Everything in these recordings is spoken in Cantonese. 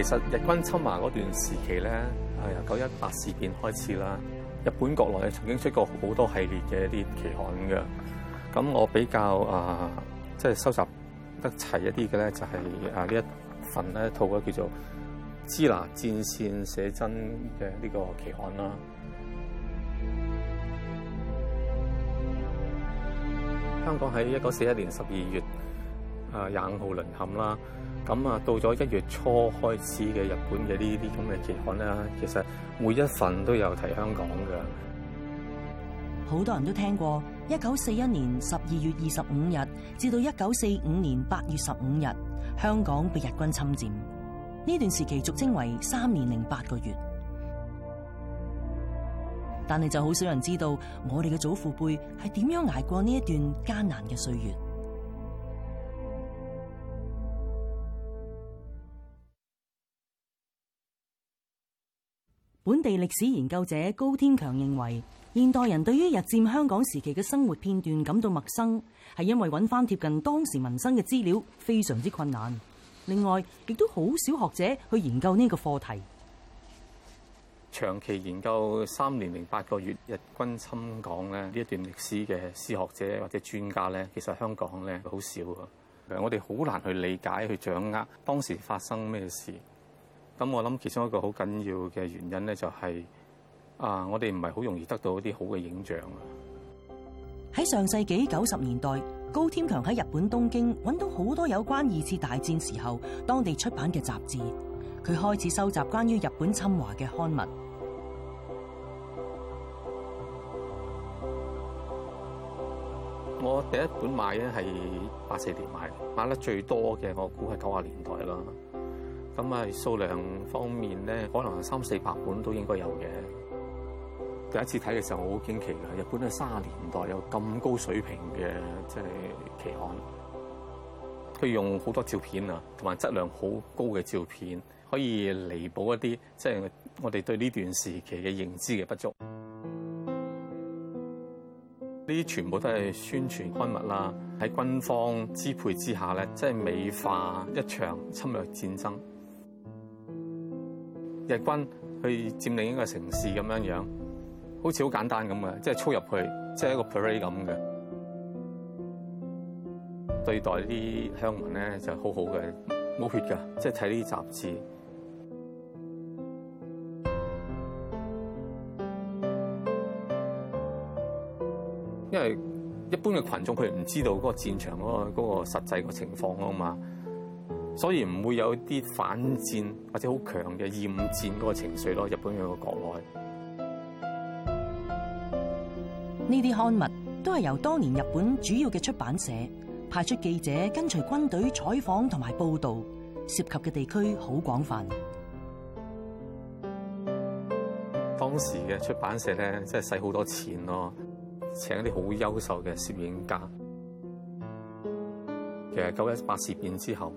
其實日軍侵華嗰段時期咧，由九一八事變開始啦。日本國內曾經出過好多系列嘅一啲期刊嘅，咁我比較啊、呃，即係收集得齊一啲嘅咧，就係啊呢一份咧套叫做《支那戰線寫真》嘅呢個期刊啦。香港喺一九四一年十二月，啊！廿五號淪陷啦，咁啊到咗一月初開始嘅日本嘅呢啲咁嘅期刊啦，其實每一份都有提香港嘅，好多人都聽過。一九四一年十二月二十五日至到一九四五年八月十五日，香港被日軍侵占，呢段時期俗稱為三年零八個月。但係就好少人知道，我哋嘅祖父輩係點樣挨過呢一段艱難嘅歲月。本地歷史研究者高添強認為，現代人對於日佔香港時期嘅生活片段感到陌生，係因為揾返貼近當時民生嘅資料非常之困難。另外，亦都好少學者去研究呢個課題。長期研究三年零八個月日軍侵港呢一段歷史嘅史學者或者專家呢，其實香港呢好少。其實我哋好難去理解去掌握當時發生咩事。咁我諗其中一個好緊要嘅原因咧，就係啊，我哋唔係好容易得到一啲好嘅影像啊。喺上世紀九十年代，高添強喺日本東京揾到好多有關二次大戰時候當地出版嘅雜誌，佢開始收集關於日本侵華嘅刊物。我第一本買咧係八四年買，買得最多嘅我估係九十年代啦。咁啊，數量方面咧，可能三四百本都應該有嘅。第一次睇嘅時候，我好驚奇嘅。日本喺卅年代有咁高水平嘅即係奇案，佢用好多照片啊，同埋質量好高嘅照片，可以彌補一啲即係我哋對呢段時期嘅認知嘅不足。呢啲全部都係宣傳刊物啦，喺軍方支配之下咧，即係美化一場侵略戰爭。日軍去佔領一個城市咁樣樣，好似好簡單咁嘅，即係操入去，即係一個 parade 咁嘅。對待啲鄉民咧就好好嘅，冇血㗎，即係睇呢啲雜誌。因為一般嘅群眾佢唔知道嗰個戰場嗰個嗰個實際個情況啊嘛。所以唔會有啲反戰或者好強嘅厭戰嗰個情緒咯，日本佢個國內呢啲刊物都係由當年日本主要嘅出版社派出記者跟隨軍隊採訪同埋報導，涉及嘅地區好廣泛。當時嘅出版社咧，真係使好多錢咯，請一啲好優秀嘅攝影家。其實九一八事變之後。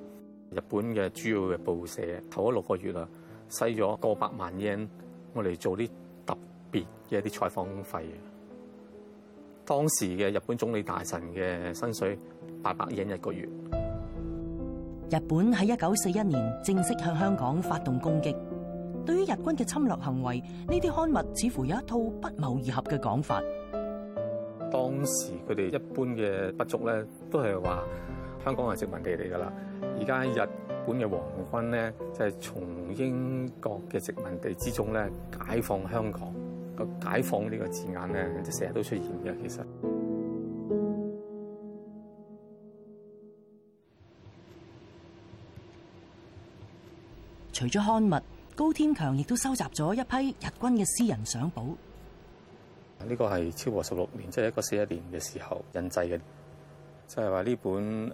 日本嘅主要嘅報社，頭一六個月啦，使咗過百萬日圓。我嚟做啲特別嘅一啲採訪費。當時嘅日本總理大臣嘅薪水，八百日圓一個月。日本喺一九四一年正式向香港發動攻擊。對於日軍嘅侵略行為，呢啲刊物似乎有一套不謀而合嘅講法。當時佢哋一般嘅不足咧，都係話。香港係殖民地嚟㗎啦，而家日本嘅皇軍咧，就係從英國嘅殖民地之中咧解放香港。個解放呢個字眼咧，就成日都出現嘅。其實，除咗刊物，高添強亦都收集咗一批日軍嘅私人相簿。呢個係超過十六年，即係一九四一年嘅時候印製嘅。就係話呢本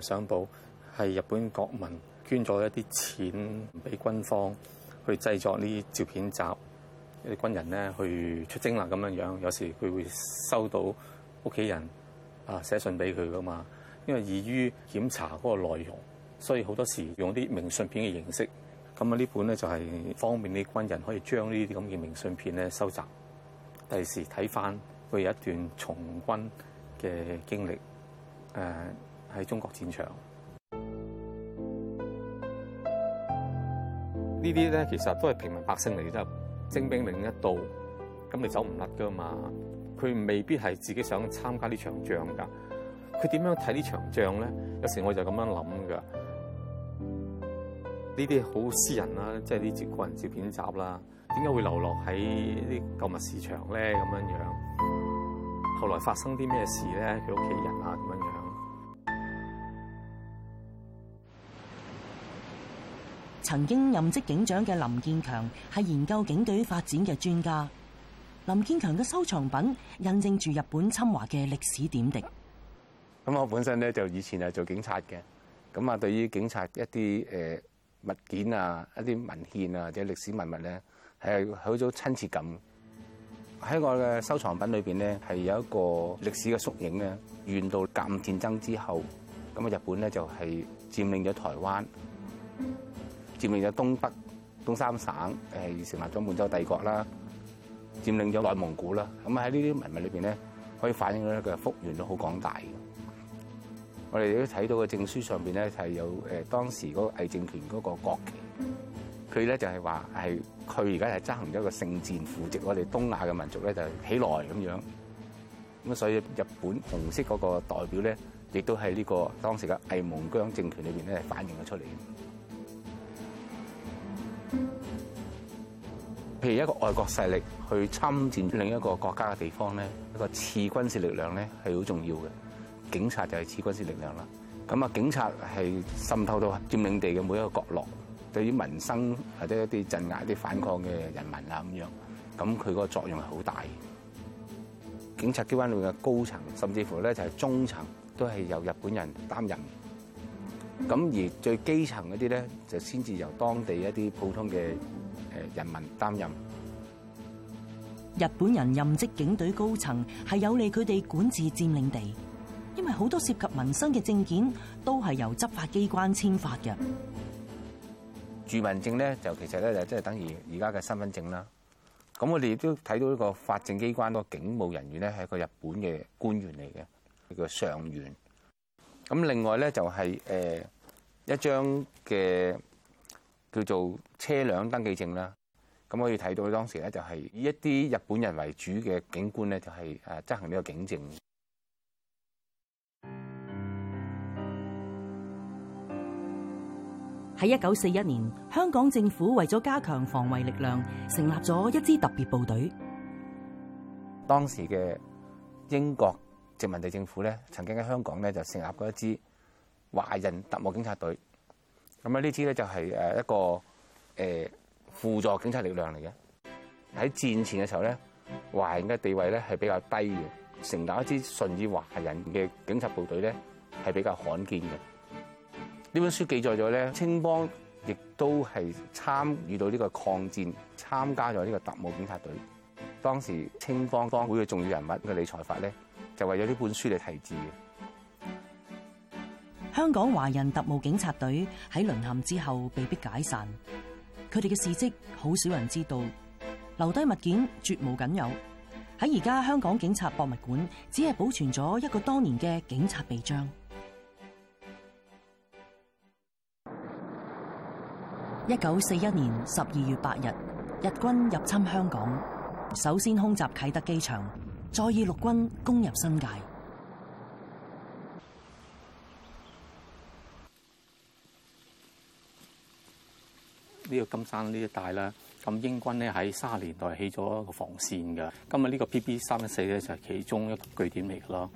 誒相簿係日本國民捐咗一啲錢俾軍方去製作呢啲照片集，一啲軍人咧去出征啦咁樣樣。有時佢會收到屋企人啊、呃、寫信俾佢噶嘛，因為易於檢查嗰個內容，所以好多時用啲明信片嘅形式。咁啊，呢本咧就係、是、方便啲軍人可以將呢啲咁嘅明信片咧收集，第時睇翻佢有一段從軍嘅經歷。誒喺、呃、中國戰場，這些呢啲咧其實都係平民百姓嚟，即係徵兵令一到，咁你走唔甩噶嘛？佢未必係自己想參加呢場仗㗎。佢點樣睇呢場仗咧？有時我就咁樣諗㗎。呢啲好私人啦，即係啲個人照片集啦，點解會流落喺啲購物市場咧？咁樣樣，後來發生啲咩事咧？佢屋企人啊？曾經任職警長嘅林建強係研究警隊發展嘅專家。林建強嘅收藏品印證住日本侵華嘅歷史點滴。咁我本身咧就以前係做警察嘅，咁啊對於警察一啲誒、呃、物件啊、一啲文獻啊或者歷史文物咧，係好有親切感。喺我嘅收藏品裏邊咧，係有一個歷史嘅縮影咧，遠到甲午戰爭之後，咁啊日本咧就係佔領咗台灣。佔領咗東北東三省，誒成立咗滿洲帝國啦；佔領咗內蒙古啦。咁喺呢啲文物裏邊咧，可以反映到佢嘅幅員都好廣大嘅。我哋都睇到嘅證書上邊咧係有誒當時嗰個偽政權嗰個國旗，佢咧就係話係佢而家係執行咗一個聖戰，扶植我哋東亞嘅民族咧就起來咁樣。咁所以日本紅色嗰個代表咧，亦都喺呢個當時嘅偽蒙疆政權裏邊咧反映咗出嚟。譬如一個外國勢力去侵佔另一個國家嘅地方咧，一個次軍事力量咧係好重要嘅，警察就係次軍事力量啦。咁啊，警察係滲透到佔領地嘅每一個角落，對於民生或者一啲鎮壓一啲反抗嘅人民啊咁樣，咁佢嗰個作用係好大嘅。警察機關裏面嘅高層甚至乎咧就係中層都係由日本人擔任。咁而最基層嗰啲咧，就先至由當地一啲普通嘅誒人民擔任。日本人任職警隊高層係有利佢哋管治佔領地，因為好多涉及民生嘅證件都係由執法機關簽發嘅。住民證咧就其實咧就即係等於而家嘅身份證啦。咁我哋亦都睇到呢個法政機關個警務人員咧係一個日本嘅官員嚟嘅，佢叫上員。咁另外咧就係誒一張嘅叫做車輛登記證啦，咁可以睇到當時咧就係以一啲日本人為主嘅警官咧就係誒執行呢個警證。喺一九四一年，香港政府為咗加強防衛力量，成立咗一支特別部隊。當時嘅英國殖民地政府咧，曾經喺香港咧就成立過一支華人特務警察隊。咁啊，呢支咧就係誒一個誒、呃、輔助警察力量嚟嘅。喺戰前嘅時候咧，華人嘅地位咧係比較低嘅，成立一支純以華人嘅警察部隊咧係比較罕見嘅。呢本書記載咗咧，青幫亦都係參與到呢個抗戰，參加咗呢個特務警察隊。當時青幫幫會嘅重要人物嘅李財法咧。就為咗呢本書嚟提字嘅。香港華人特務警察隊喺淪陷之後，被迫解散。佢哋嘅事跡好少人知道，留低物件絕無僅有。喺而家香港警察博物館，只係保存咗一個當年嘅警察臂章。一九四一年十二月八日，日軍入侵香港，首先空襲啟德機場。再以陸軍攻入新界，呢個金山呢一帶咧，咁英軍咧喺卅年代起咗一個防線嘅。今日呢個 PB 三一四咧就係其中一個據點嚟嘅咯。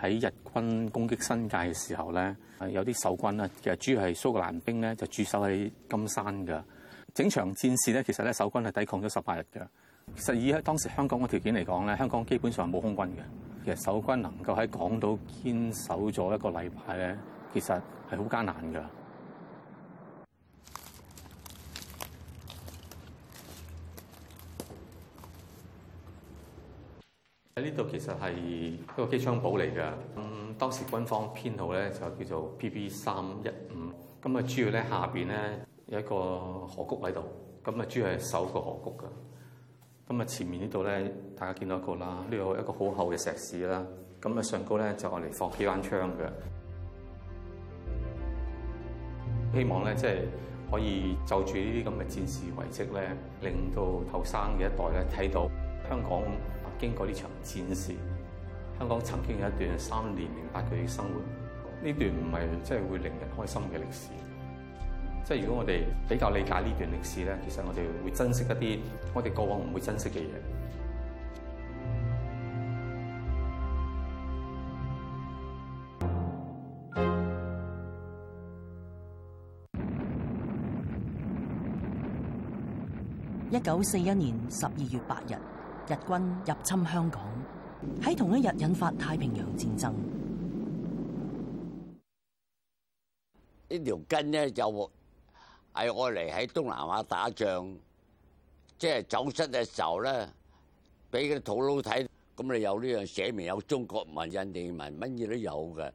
喺日軍攻擊新界嘅時候咧，有啲守軍咧，其實主要係蘇格蘭兵咧就駐守喺金山嘅。整場戰事咧，其實咧守軍係抵抗咗十八日嘅。其實以喺當時香港嘅條件嚟講咧，香港基本上係冇空軍嘅。其實守軍能夠喺港島堅守咗一個禮拜咧，其實係好艱難噶。喺呢度其實係一個機槍堡嚟嘅。咁當時軍方編號咧就叫做 P P 三一五。咁啊，主要咧下邊咧有一個河谷喺度，咁啊主要係守個河谷噶。咁啊，前面呢度咧，大家見到一個啦，呢度有一個好厚嘅石屎啦。咁啊，上高咧就嚟放機關槍嘅。希望咧即係可以就住呢啲咁嘅戰時遺蹟咧，令到後生嘅一代咧睇到香港經過呢場戰事，香港曾經有一段三年零八個月嘅生活，呢段唔係即係會令人開心嘅歷史。即係如果我哋比較理解呢段歷史咧，其實我哋會珍惜一啲我哋過往唔會珍惜嘅嘢。一九四一年十二月八日，日軍入侵香港，喺同一日引發太平洋戰爭。呢條根呢，就～喺我嚟喺東南亞打仗，即係走失嘅時候咧，俾嗰啲土佬睇，咁你有呢樣寫明有中國文、印地文，乜嘢都有嘅，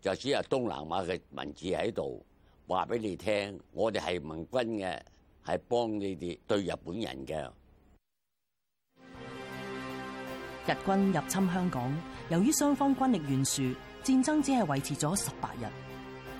就只係東南亞嘅文字喺度，話俾你聽，我哋係盟軍嘅，係幫你哋對日本人嘅。日軍入侵香港，由於雙方軍力懸殊，戰爭只係維持咗十八日。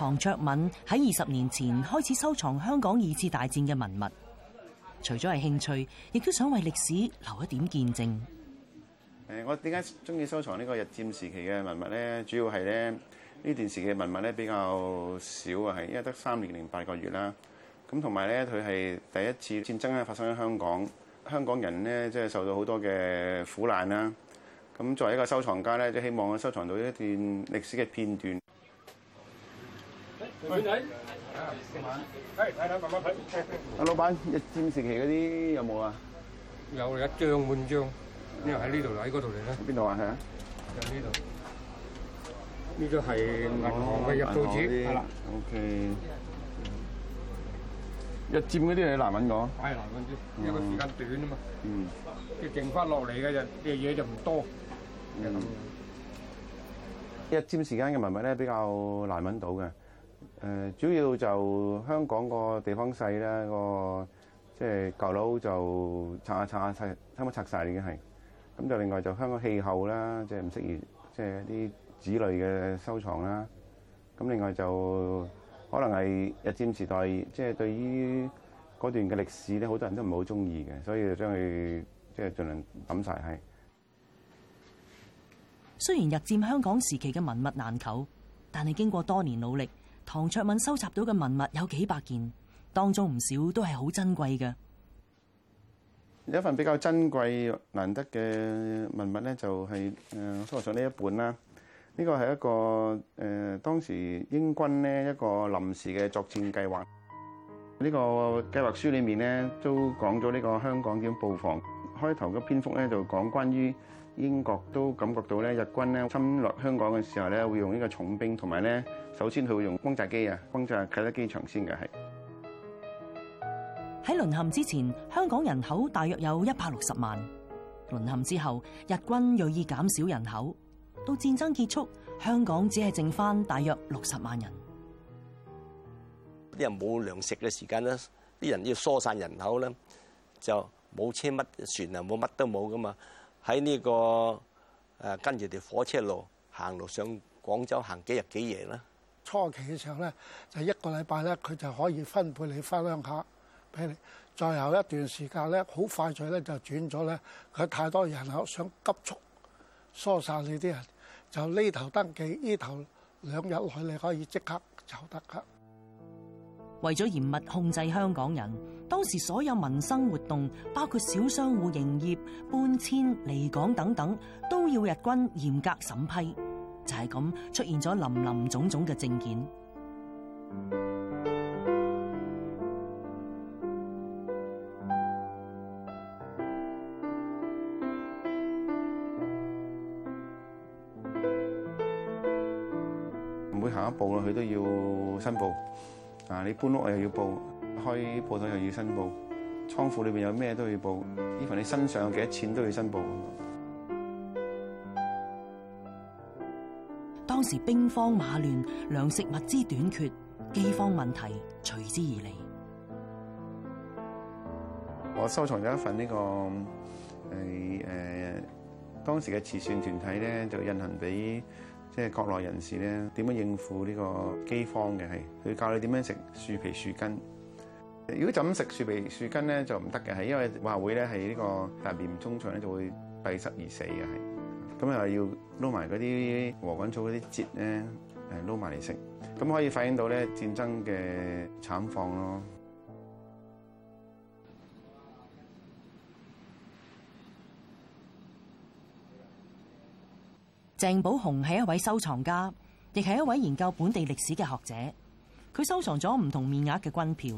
唐卓敏喺二十年前開始收藏香港二次大戰嘅文物，除咗係興趣，亦都想為歷史留一點見證。誒，我點解中意收藏呢個日戰時期嘅文物咧？主要係咧呢段時期嘅文物咧比較少啊，係因為得三年零八個月啦。咁同埋咧，佢係第一次戰爭咧發生喺香港，香港人咧即係受到好多嘅苦難啦。咁作為一個收藏家咧，就希望我收藏到一段歷史嘅片段。女仔，啊，夜晚，誒，睇睇慢慢睇。阿老闆，日佔時期嗰啲有冇啊？有嚟，一張半張。呢個喺呢度嚟，喺嗰度嚟咧？邊度啊？係啊。就呢度。呢個係銀行嘅入數紙。銀行啲。O K。日佔嗰啲係難揾㗎。係難揾啲，因為時間短啊嘛。嗯。即係剩翻落嚟嘅就嘢就唔多。嗯。日佔時間嘅文物咧比較難揾到嘅。誒主要就香港個地方細啦，個即係舊樓就拆下、啊、拆下、啊，細差唔多拆晒已經係咁。就、啊啊、另外就香港氣候啦，即係唔適宜，即係啲紙類嘅收藏啦。咁另外就可能係日佔時代，即、就、係、是、對於嗰段嘅歷史咧，好多人都唔係好中意嘅，所以就將佢即係盡量抌晒。係。雖然日佔香港時期嘅文物難求，但係經過多年努力。唐卓敏收集到嘅文物有幾百件，當中唔少都係好珍貴嘅。有一份比較珍貴難得嘅文物咧，就係誒，桌上呢一本啦。呢個係一個誒，當時英軍呢一個臨時嘅作戰計劃。呢個計劃書裏面咧，都講咗呢個香港點布防。開頭嘅篇幅咧，就講關於。英國都感覺到咧，日軍咧侵略香港嘅時候咧，會用呢個重兵同埋咧，首先佢會用轟炸機啊，轟炸啟德機場先嘅係。喺淪陷之前，香港人口大約有一百六十萬。淪陷之後，日軍鋭意減少人口，到戰爭結束，香港只係剩翻大約六十萬人。啲人冇糧食嘅時間咧，啲人要疏散人口咧，就冇車乜船啊，冇乜都冇噶嘛。喺呢、這個誒、呃、跟住條火車路行路上廣州行幾日幾夜啦。初期嘅時候咧，就一個禮拜咧，佢就可以分配你返鄉下俾你。最後一段時間咧，好快脆咧就轉咗咧，佢太多人口想急速疏散你啲人，就呢頭登記，呢頭兩日內你可以即刻就得噶。為咗嚴密控制香港人，當時所有民生活動，包括小商戶營業、搬遷、離港等等，都要日軍嚴格審批。就係咁，出現咗林林總總嘅證件。每行一步，佢都要申報。嗱，你搬屋我又要報，開鋪頭又要申報，倉庫裏邊有咩都要報，呢份你身上有幾多錢都要申報。當時兵荒馬亂，糧食物資短缺，饑荒問題隨之而嚟。我收藏咗一份呢、這個係誒、呃、當時嘅慈善團體咧，就印行俾。即係國內人士咧，點樣應付呢個饑荒嘅係？佢教你點樣食樹皮、樹根。如果就咁食樹皮、樹根咧，就唔得嘅係，因為話會咧係呢個大便充腸咧，就會閉塞而死嘅係。咁又要撈埋嗰啲禾杆草嗰啲節咧，誒撈埋嚟食。咁可以反映到咧戰爭嘅慘況咯。鄭寶雄係一位收藏家，亦係一位研究本地歷史嘅學者。佢收藏咗唔同面額嘅軍票。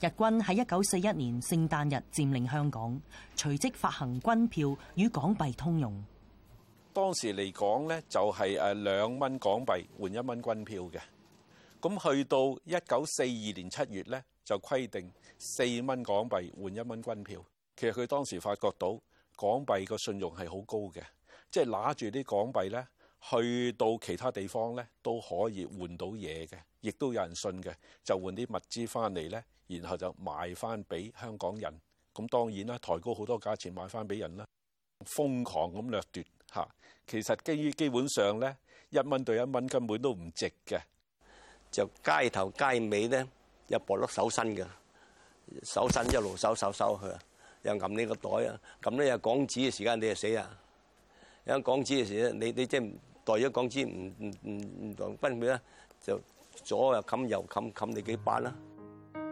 日軍喺一九四一年聖誕日佔領香港，隨即發行軍票與港幣通用。當時嚟講呢就係誒兩蚊港幣換一蚊軍票嘅。咁去到一九四二年七月呢，就規定四蚊港幣換一蚊軍票。其實佢當時發覺到港幣個信用係好高嘅。即係拿住啲港幣咧，去到其他地方咧都可以換到嘢嘅，亦都有人信嘅，就換啲物資翻嚟咧，然後就賣翻俾香港人。咁當然啦，抬高好多價錢賣翻俾人啦，瘋狂咁掠奪吓。其實基於基本上咧，一蚊對一蚊根本都唔值嘅。就街頭街尾咧，有搏碌手身嘅，手身一路收收收去，啊，又揞呢個袋啊，咁咧又港紙嘅時間你就死啊！有港紙嘅時，你你即係代咗港紙唔唔唔唔當軍票咧，就左又冚右冚冚你幾百啦，啊。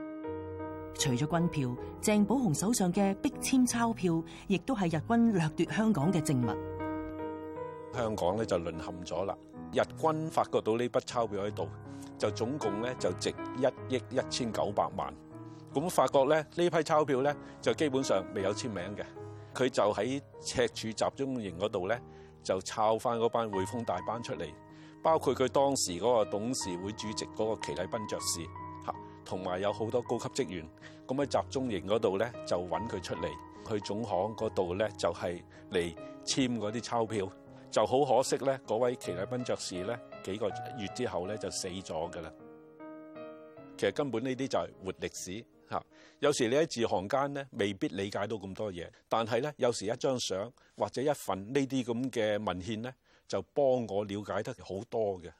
除咗軍票，鄭寶雄手上嘅逼簽鈔票，亦都係日軍掠奪香港嘅證物。香港咧就淪陷咗啦，日軍發覺到呢筆鈔票喺度，就總共咧就值一億一千九百萬。咁發覺咧呢批鈔票咧就基本上未有簽名嘅。佢就喺赤柱集中營嗰度咧，就抄翻嗰班匯豐大班出嚟，包括佢當時嗰個董事會主席嗰個祁禮賓爵士，吓，同埋有好多高級職員，咁喺集中營嗰度咧，就揾佢出嚟，去總行嗰度咧，就係嚟簽嗰啲鈔票，就好可惜咧，嗰位祁禮賓爵士咧幾個月之後咧就死咗噶啦，其實根本呢啲就係活歷史。吓，有時你喺字行間咧，未必理解到咁多嘢，但係咧，有時一張相或者一份呢啲咁嘅文獻咧，就幫我了解得好多嘅。